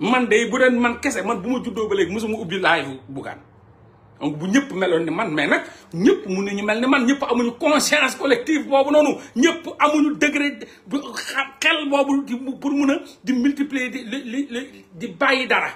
man de bu doon man kese man bu ma juddoo ba léegi mosuma ubbi live Bougane donc bu ñëpp meloon ni man mais nag ñëpp mun nañu mel ni man ñëpp amuñu conscience collective boobu noonu ñëpp amuñu degré xel boobu pour mun a di multiplier di li li di bàyyi dara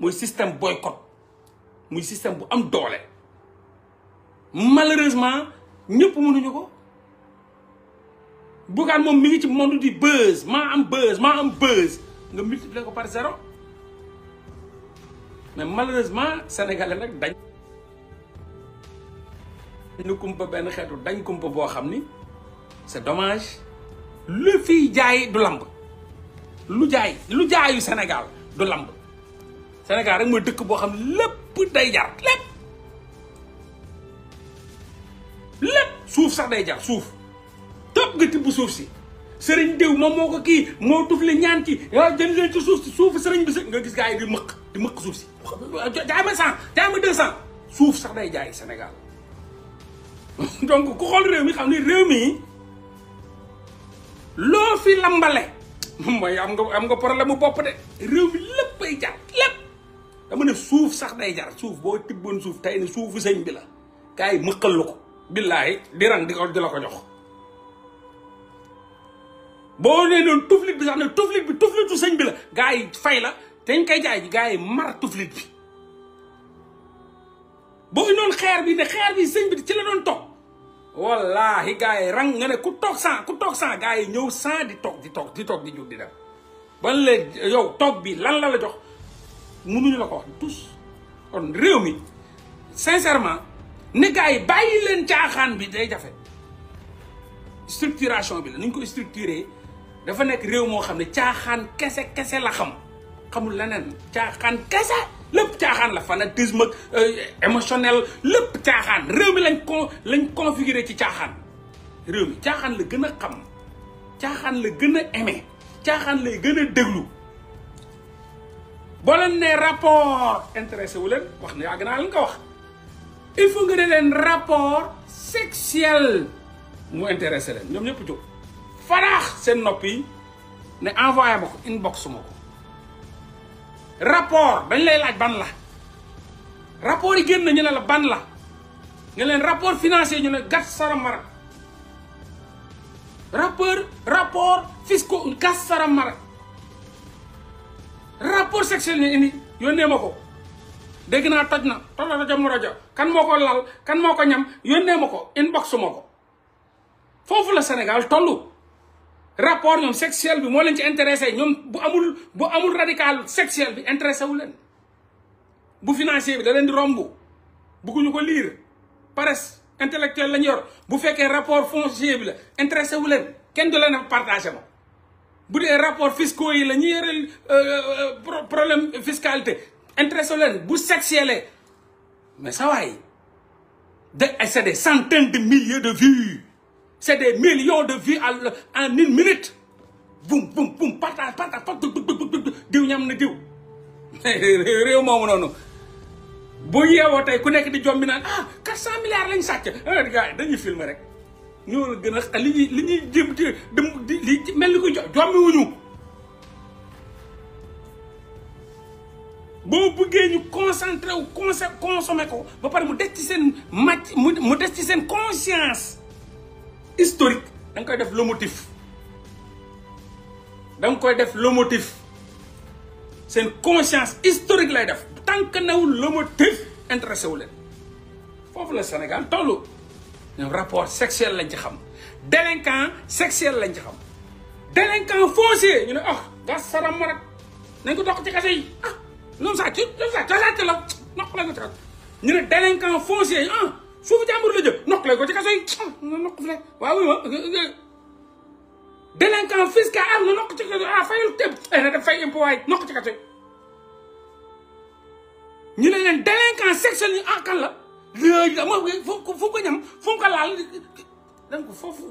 mooy système boycott muy système bu am doole malheureusement ñëpp mënuñu ko Bougane moom mi ngi ci monde di buzz maa am buzz maa am buzz nga multiplier ko par zéro mais malheureusement sénégalais nak dañ nu kumpa benn xétu dañ kumpa boo xam ni c'est dommage lu fi jaay du lamb lu jaay lu jaayu Sénégal du lamb Sénégal rek mo dëkk bo xamni lepp day jar lepp lepp suuf sax day jar suuf tëb nga tibb suuf si serigne diw mom moko ki mo moo tufli ñaan ci ya ah, jënd leen ci suuf si serigne bi nga gis gaay di mëq di mëq suuf ci jaay ma 100 jaay ma 200 cent suuf sax day jaay senegal donc ku xol rew mi xam ni rew mi lo fi lambale moy am nga am nga problème bop dé rew mi lepp ay jaar lepp dama ne suuf sax day jaar suuf bo tibbon suuf tay ni suufu sëñ bi la gars yi mëqal la ko billaay di rang di ko jox boo nee noonu tuflit bi sax ne tuflit bi tuflitu sëñ bi la gars yi fay la dañ koy jaay ji gars yi mar tuflit bi boo noonu xeer bi ne xeer bi sëñ bi ci la doon toog wallaahi gars yi rang nga ne ku toog sans ku toog sans gars yi ñëw saa di toog di toog di toog di jóg di dem ba léegi yow toog bi lan la la jox mënuñu la ko wax tous kon réew mi sincèrement ne gars yi bàyyi leen caaxaan bi day jafe structuration bi la nuñ ko structuré dafa nekk réew moo xam ne caaxaan kese kese la xam xamul leneen caaxaan kese lépp caaxaan la fanatisme euh, émotionnel lépp caaxaan réew mi lañ ko lañ configuré ci caaxaan réew mi caaxaan la gën a xam caaxaan la gën a aimé caaxaan lay gën a déglu boo leen nee rapport intéressé wu leen wax na yàgg naa leen ko wax il faut nga ne leen rapport sexuel mu intéressé leen ñoom ñëpp jóg faraax seen nopp yi ne envoyé ma ko inbox ma ko rapport dañ lay laaj ban la rapport yi génn ñu ne la ban la nga leen rapport financier ñu ne gat saramara rapport rapport fisco gat saramara rapport sexuel ñu indi yónnee ma ko dégg naa toj na toj mu rajo kan moo ko lal kan moo ko ñam yónnee ma ko inbox ma ko foofu la Sénégal tollu rapport ñoom sexuel bi mo leen ci intéressé ñom bu amul bu amul radical sexuel bi intéressé wu leen bu financier bi da leen di rombu bu ko lire paresse intellectuelle lañ yor bu rapport foncier bi la intéressé wu leen ken du leen partagé ma bu dé rapport fiscaux yi la ñi yoreel euh, euh, problème fiscalité intéressé wu leen bu sexuel mais ça waay de c'est des centaines de milliers de vues c'est des millions de vies en une minute. Boum, boum, boum, partage, pata ku nekk di ah 400 milliards eh, gars dañuy filmer rek ñoo la conscience historique Dang motif koy def motif motif. une koy conscience historique lay def tant que nous motif intéressé wu leen foofu le Sénégal un rapport sexuel lañ ci xam délinquant sexuel lañ ci xam délinquant foncier ñu ah saram a un délinquant ko dox ci xasse yi ah il ci a un délinquant foncier ah, suufu jàmbur la jël noqale ko ci kaso yi noq fi ne waaw wuy ma délinquant fiscal ci kaso ah fayul tëb eh, na def fay impôt waay noq ah, la léegi fu fu ko ñam fu ko laal foofu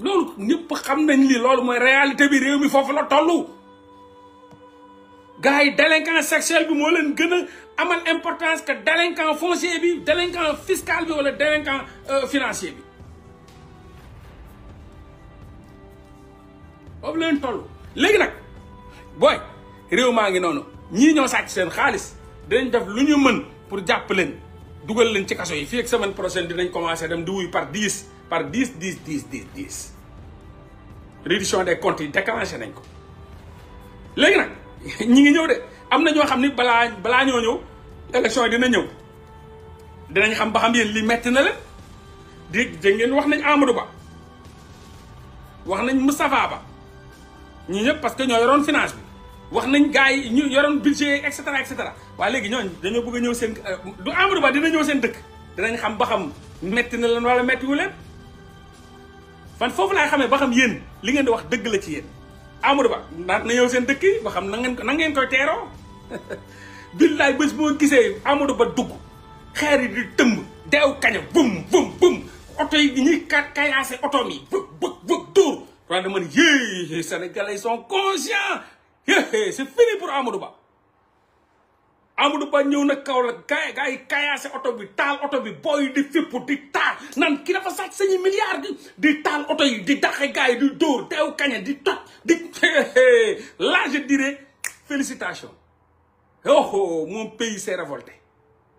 loolu ñëpp xam na li loolu mooy réalité bi réew mi foofu la tollu gars yi délinquant sexuel bi moo leen gën a amal importance que délinquant foncier bi délinquant fiscal bi wala délinquant euh, financier bi boobu leen toll léegi nag booy réew maa ngi noonu ñii ñoo sàcc seen xaalis dinañ def lu ñu mën pour jàpp leen dugal leen ci kaso yi fii ak semaine prochaine dinañ commencé dem di wuy par dix par dix dix dix dix dix des comptes yi déclenché nañ ko léegi nag ñi ngi ñëw de am na ñoo xam ni balaa balaa ñoo ñëw élection yi dina ñëw dinañ xam ba xam yéen li metti na leen di dégg ngeen wax nañ Amadou Ba wax nañ Moustapha Ba ñi ñëpp parce que ñoo yoroon finance bi wax nañ gars yi ñu yoroon budget et cetera et cetera waaye léegi ñooñ dañoo bëgg a ñëw seen euh, du Amadou Ba dina ñëw seen dëkk dinañ xam ba xam metti na leen wala mettiwu leen fan foofu laay xamee ba xam yéen li ngeen di wax dëgg la ci yéen Amadou Ba daan na yow seen dëkk yi ba xam nangeen ngeen na ngeen koy teeroo billaay bés boo gisee Amadou Ba dugg xeer yi di tëmb deew kaña bum bum bum oto yi di ñuy ka kayaase oto mi bëg bëg bëg dóor waaye dama ne yéey sénégalais sont conscients c'est fini pour Amadou Ba Amadou Ba ñëw na kaw la gars gars yi kaayaase oto bi taal oto bi booy di fippu di taal nan ki dafa sàcc sañu milliards di taal oto yi di daxe gars di dóor teew kañe di toj di là je dirais félicitations oh, oh, oh mon pays s'est révolté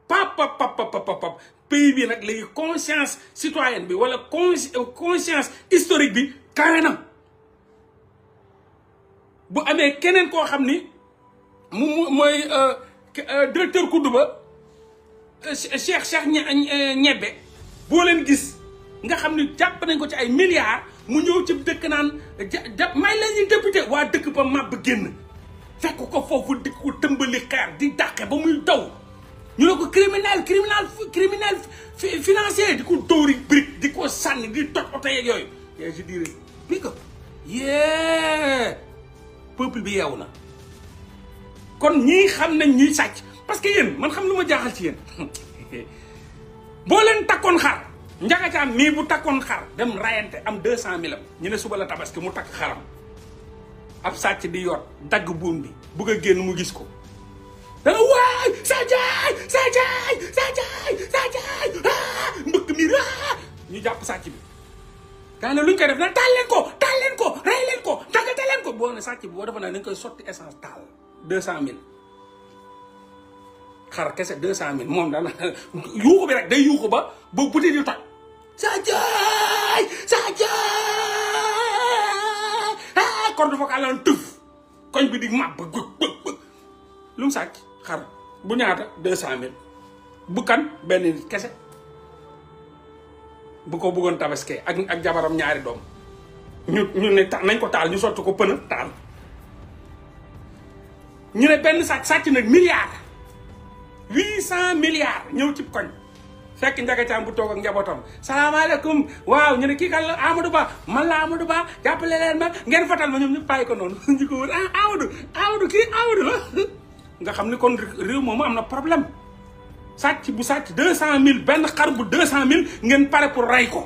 pap nag léegi conscience bi wala euh, conscience bi kawe na bu koo xam ni euh, Euh, directeur Koudouba euh, Cheikh Cheikh ñebbe bo len gis nga xamni ni nañ ko ci ay milliards mu ñew ci dekk naan may lañ ni député wa dekk ba màbb genn fekk ko fofu di ko tembali xaar di dàqe ba muy taw ñu lako ko criminel criminel criminel financier di ko dori brick di ko sanni di toj oto yeeg yooyu je dirais mais ko yee peuple bi yawna kon ñi xam nañ ñi sacc parce que yeen man xam lu jaaxal ci yeen bo leen takkoon xar ca mi bu takkoon xar dem rayante am desa milam, am ñu ne suba la tabaski mu tak xaram ab sacc di yor dag buum bi bu ga genn mu gis ko dana way sajay sajay sajay sajay ah, mbuk mi ra ñu japp sacc bi gaa ne luñ ko def na tal. leen ko tal leen ko ray leen ko daggate leen ko bo ne sacc bi bo dafa na nañ koy sotti essence tal deux cent mille xar kese deux cent dana bi rek day yuuxu ba ba butit saja, tag ah corde vocale lan tëf koñ bi di màbb bëgg bëgg bëgg lu xar bu ñaata bu kan bu ko ak ak jabaram ñaari dom ñu ñu ne nañ ko taal ñu ko taal ñu ne benn sàcc sàcc nag milliards huit cent milliards ñëw cib koñ fekk Ndiaga Thiam bu toog ak njabootam salaamaaleykum waaw ñu ne kii kan la Amadou Ba man la Amadou Ba jàppale leen ma ngeen fatal ma ñoom ñu bàyyi ko noonu ñu ko wër ah Amadou Amadou kii la nga xam ni kon réew moom am na problème sàcc bu sàcc deux cent mille benn xar bu deux cent mille ngeen pare pour rey ko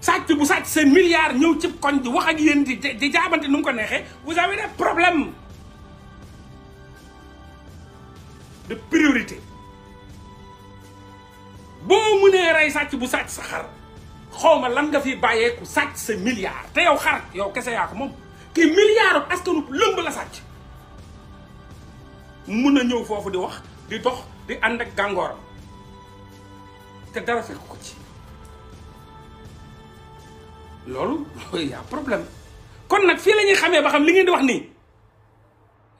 sàcc bu sàcc seen milliards ñëw cib koñ di wax ak yéen ji di jaabante nu mu ko neexee vous avez problème problèmes de priorité boo mënee rey sàcc bu sàcc sa xar xawma lan nga fi bàyyeeku sàcc sa milliard te yow xar yow kese yaa ko moom kii milliard askanu lëmb la sàcc mun na ñëw foofu di wax di dox di ànd ak gàngooram te dara fekk ko ci loolu yaa problème kon nag fii lañuy xamee ba xam li ngeen di wax nii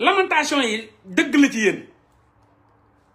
lamentation yi dëgg la ci yéen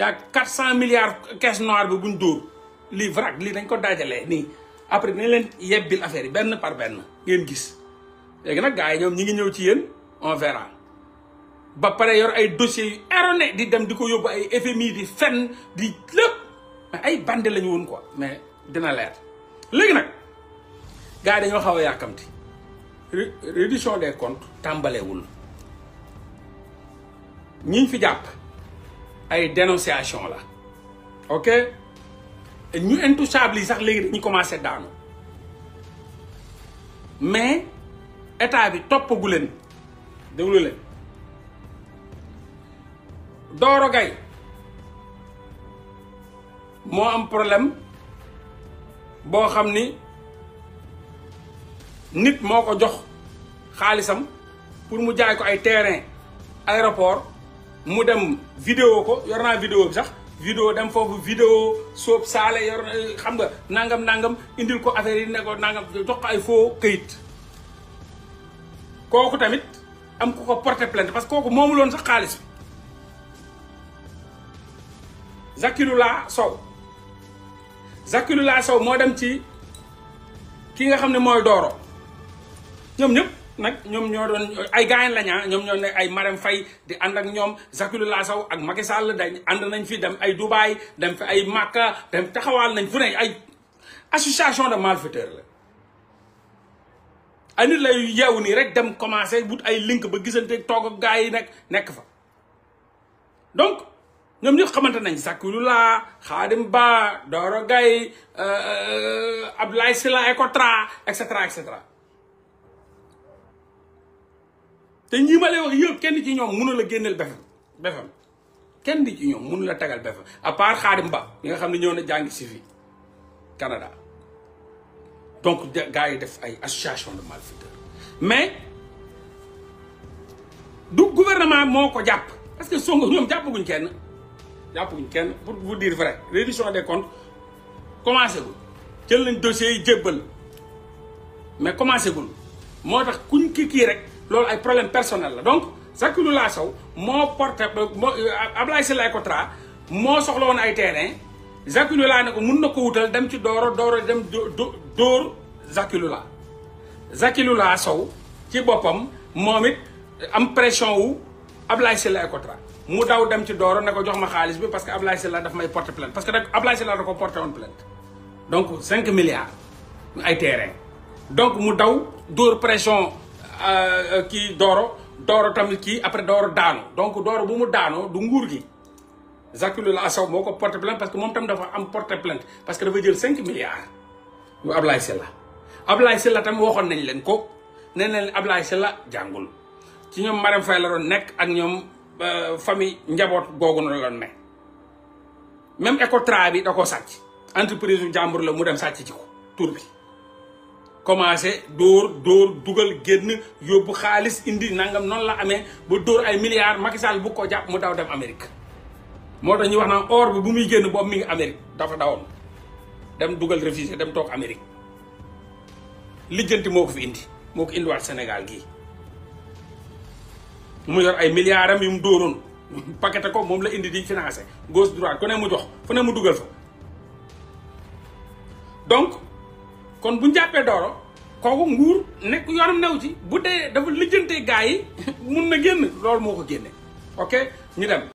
yaa quatre cent milliards caisse noire bi buñ dóor lii vrac lii dañ ko dajalee nii après dinañ leen yebbil affaire yi benn par benn ngeen gis léegi nag gaa yi ñoom ñi ngi ñëw ci yéen on verra ba pare yor ay dossiers yu erroné di dem di ko yóbbu ay FMI di fenn di lépp mais ay bande lañu woon quoi mais dina leer léegi nag gars yi dañoo xaw a yàkkamti reddition des comptes tàmbalewul ñiñ fi jàpp ay dénonciation là. ok ñu intouchable sax légui ñi commencé daanu mais état bi toppagu leen déglu leen Doro gay moi am problème bo xamni ni nit moko jox pour mu jaay ko ay terrain aéroport mu dem vidéo ko yor naa vidéo bi sax vidéo dem foofu vidéo soob saale yor xam nga nangam nangam indil ko affaire yi ne ko nangam jox ko ay faux kayit kooku tamit am ku ko porté plainte parce que kooku moomu loon sax xaalis bi Zakirullah Sow Zakirullah Sow moo dem ci ki nga xam ne mooy dooro ñoom ñëpp nag ñoom ñoo doon ay gaañ lañaa ah, ñoom ñoo ne ay Marème Faye di ànd ak ñoom Zaqulullah saw ak Macky Sall dañ ànd nañ fi dem ay Dubaay dem fi ay Makka dem taxawaal nañ fu ne ay association de malfaiteurs la ay nit lay yeewu nii rek dem commencé wut ay link ba gisante toog ak gars yi nag nekk fa donc ñoom ñëpp xamante nañ Zaqulullah Khadim Ba Doro Gaye euh, euh, Abdoulaye Sylla Ecotra et cetera et te ñi ma lay wax yëpp kenn ci ñoom mënu la génneel befam bëfam. kenn di ci ñoom mënu la tagal bëfam à part Khadim Ba bi nga xam ne ñëw na jàngi si fii Canada donc gars yi def ay association de malfaiteurs mais du gouvernement moo ko jàpp parce que Sonko ñoom jàppaguñ kenn jàppaguñ kenn pour vous dire vrai reddition des comptes commencé gul jël nañ dossier yi jébbal mais commencé gul moo tax kuñ kii kii rek loolu ay problème personnel la donc Zakaria Sow moo porté moo euh, Ablaye Sylla Ecotra mo soxla won ay terrain Zakaria ne nako mun nako ko wutal dem ci Doro Doro dem dor dóor Zakaria Zakaria Sow ci bopam momit am pression wu Ablaye Sylla Ecotra mu daw dem ci Doro nako jox ma xaalis bi parce que Ablaye Sylla daf may porté plainte parce que nak Ablaye Sylla da ko porté woon plainte donc 5 milliards ay terrain donc mu daw dor pression. Euh, euh, kii dooro dooro tamit kii après dooro daanu donc dooro bu mu daanoo du nguur gi Zakirou Lula Sow moo ko porté plainte parce que moom tamit dafa am porté plainte parce que dafa jël cinq milliards yu Ablaye Sylla Ablaye Sylla tam waxoon nañ leen ko nee na leen Ablaye jàngul ci ñoom Marème Faye la doon nekk ak ñoom euh, famille njaboot googu noonu la doon ne même Ecotra bi da ko sàcc entreprise bu jàmbur la mu dem sàcc ci ko tur bi commencé dóor dóor dugal génn yóbbu xaalis indi nangam noonu la amee bu dóor ay milliards Macky Sall bu ko jàpp mu daw dem Amérique moo tax ñuy wax naan or bi bu muy génn boobu mi ngi Amérique dafa dawoon dem dugal réfugié dem toog Amérique lijjanti moo ko fi indi moo ko indiwaat Sénégal gi mu yor ay milliards am yu mu dóoroon paqueté ko moom la indi di financé gauche droite ku ne mu jox fu ne mu dugal fa donc. kon bu ñu jàppee Doro kooku nguur nekk yoonam new ci bu dee dafa lijjantee gaa yi mun na génn loolu moo ko génne ok ñu dem.